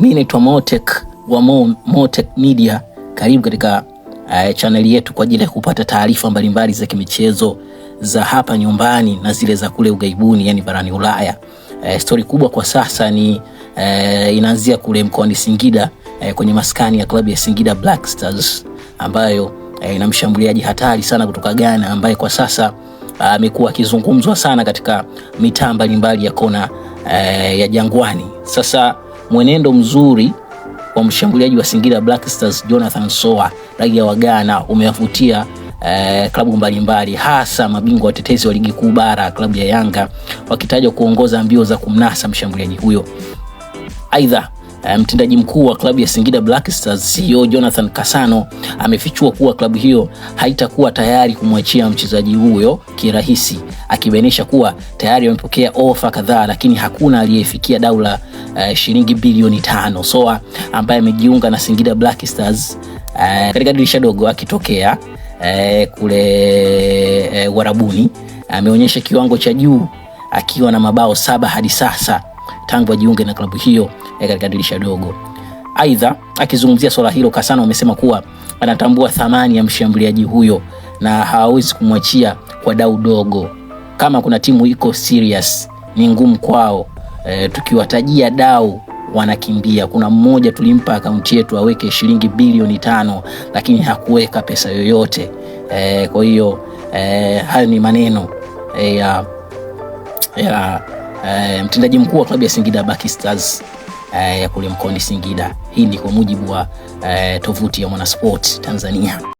Mi naitwa Motek wa Mo, Motek Media. Karibu katika uh, eh, chaneli yetu kwa ajili ya kupata taarifa mbalimbali za kimichezo za hapa nyumbani na zile za kule ugaibuni, yani barani Ulaya. Uh, eh, stori kubwa kwa sasa ni uh, inaanzia kule mkoani Singida uh, kwenye maskani ya klabu ya Singida Black Stars ambayo uh, ina mshambuliaji hatari sana kutoka Ghana ambaye kwa sasa ah, amekuwa uh, akizungumzwa sana katika mitaa mbalimbali ya kona uh, ya Jangwani. Sasa mwenendo mzuri wa mshambuliaji wa Singida Black Stars Jonathan Soa, raia wa Ghana, umewavutia eh, klabu mbalimbali hasa mabingwa watetezi wa ligi kuu bara klabu ya Yanga wakitajwa kuongoza mbio za kumnasa mshambuliaji huyo. Aidha, Eh, mtendaji mkuu wa klabu ya Singida Black Stars CEO Jonathan Kasano amefichua kuwa klabu hiyo haitakuwa tayari kumwachia mchezaji huyo kirahisi, akibainisha kuwa tayari wamepokea ofa kadhaa, lakini hakuna aliyefikia dau la uh, shilingi bilioni tano. Soa ambaye amejiunga na Singida Black Stars uh, katika dirisha dogo akitokea uh, kule uh, Warabuni ameonyesha uh, kiwango cha juu akiwa na mabao saba hadi sasa tangu ajiunge na klabu hiyo. Eh, katika dirisha dogo. Aidha, akizungumzia swala hilo, Kasana amesema kuwa anatambua thamani ya mshambuliaji huyo na hawawezi kumwachia kwa dau dogo. Kama kuna timu iko serious ni ngumu kwao. E, tukiwatajia dau wanakimbia. Kuna mmoja tulimpa akaunti yetu aweke shilingi bilioni tano lakini hakuweka pesa yoyote. E, kwa hiyo e, haya ni maneno e, ya, ya e, mtendaji mkuu wa klabu ya Singida Black Stars. Eh, ya kule mkoani Singida. Hii ni kwa mujibu wa eh, tovuti ya Mwanasport Tanzania.